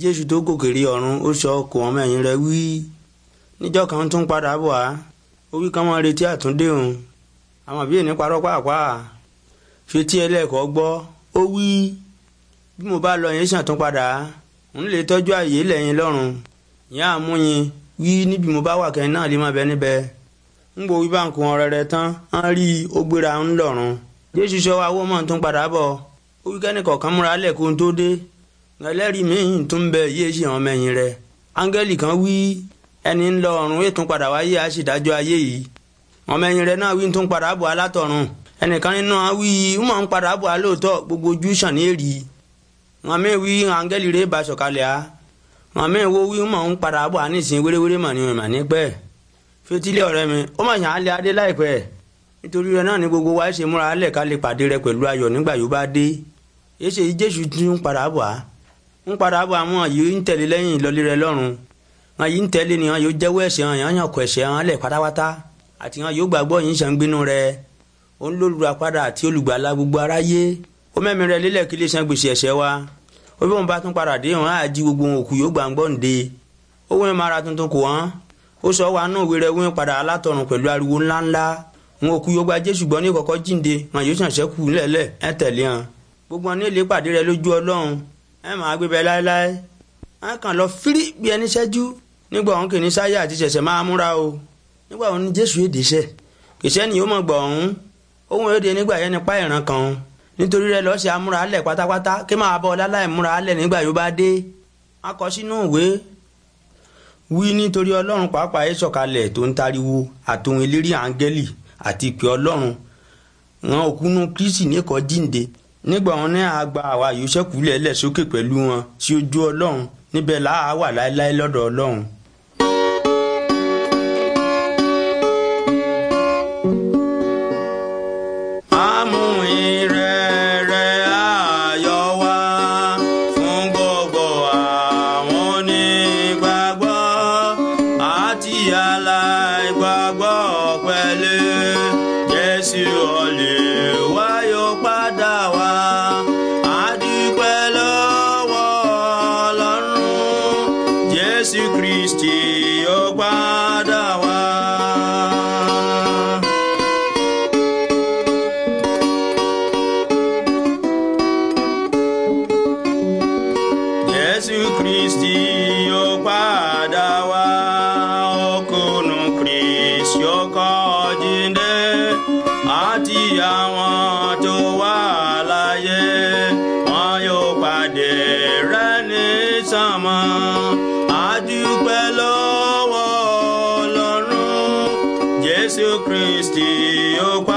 jésù tó gòkè rí ọ̀run ó sọ kò ọmọ ẹ̀yìn rẹ̀ wí níjọ́ kan tún padà bọ̀ á ó wí kán mọ́ retí àtúndé òun àwọn àbí èní parọ́ pàápàá fetí ẹlẹ́kọ̀ọ́ gbọ́ ó wí bí mo bá lọ yẹn ṣàn tún padà n lè tọ́jú àyè lẹ́yìn lọ́rùn ìyá àmúyin wí níbi mo bá wà kẹ́yìn náà lè má bẹ níbẹ̀ ń bo wí bá ń kun tán á rí i ó gbéra ń lọ́rùn jésù sọ wa owó mọ̀ ẹlẹ́rìí mi-ín tún bẹ yíyé ṣe àwọn mẹ́yìn rẹ̀ áńgẹ́lì kan wí ẹni ń lọ ọ̀run ètún padà wáyé àṣìdájọ́ ayé yìí àwọn mẹ́yìn rẹ̀ náà wí ń tún padà bọ̀ alátọ̀run ẹnìkan nínú wa wí ń mọ̀ ń padà bọ̀ alóòótọ́ gbogbo ojú sàn ní èrì wọn mi wí áńgẹ́lì rẹ̀ bá sọ̀kalẹ̀ á wọn mi wo wí ń mọ̀ ń padà bọ̀ anísìn wéréwéré mọ̀ ní ìmọ̀ nípẹ́ fetílé ọ̀rẹ́ mi ó mọ̀ yàn á lé adé láìpẹ́ nítorí rẹ̀ náà ni gbogbo wa ṣe múra alẹ̀ ká lè pàdé rẹ̀ pẹ̀lú ayọ̀ nígbà yóò bá dé èsè jésù tún padà bọ̀ á ń padà bọ̀ àwọn yìí ń tẹ̀lé lẹ́yìn ìlọlé rẹ lọ́rùn wọn yìí ń tẹ̀lé ni wọn yóò jẹ́wọ́ ẹ̀ṣẹ̀ wọn yàn yàn kọ̀ ẹ̀ṣẹ̀ wọn lẹ̀ pátápátá àti wọn yóò gbàgbọ́ yìí ń ṣàǹgbínú rẹ òun lólùra padà àti olùgbàlà gbogbo aráyé ó mẹ́mi rẹ lélẹ̀ kí lè san gbèsè ẹ̀ṣẹ̀ wa ó bí wọn bá tún padà dé wọn àjí gbogbo wọn òkú yóò gbàgbọ́ ǹde ó wọ́n mara tuntun kò wọ́n ó sọ wa náà wéré wọ́n wọn òkú ẹ máa gbé bẹ láéláé á kàn lọ fírí bí ẹni ṣẹ́jú nígbà òun kì í ní sáyà àti ṣẹ̀ṣẹ̀ máa múra o nígbà òun ni jésù èdè ṣẹ̀ kìsẹ́ni yóò mọ̀ gbọ̀ ọ̀hún ohun èdè nígbà yẹn nípa ìran kan o nítorí rẹ lọ́ọ́ ṣe amúra alẹ̀ pátápátá kí máa bọ́ láláì múra alẹ̀ nígbà yóò bá dé a kọ sínú ìwé wí nítorí ọlọ́run pàápàá yẹn sọ̀kalẹ̀ tó ń tariwo àtòhun eléré áńgẹ́lì àti ìpè ọlọ́run wọn òkúnú kristi nìkan jíǹde nígbà wọn ní àgbà àwa yìí ṣẹ́kù lẹ́lẹ̀ sókè pẹ̀lú wọn sí ojú ọlọ́run níbẹ̀ làá wà láéláé lọ́dọ̀ ọlọ́run. aláìgbàgbọ́ pẹ̀lú Jésù ọ̀lẹ̀ Kristi ó padà wá. Jésù Kristi ó padà wá ọkùnrin Kristi ọkọ̀ jíǹde àti àwọn tó Jésù Kristi ó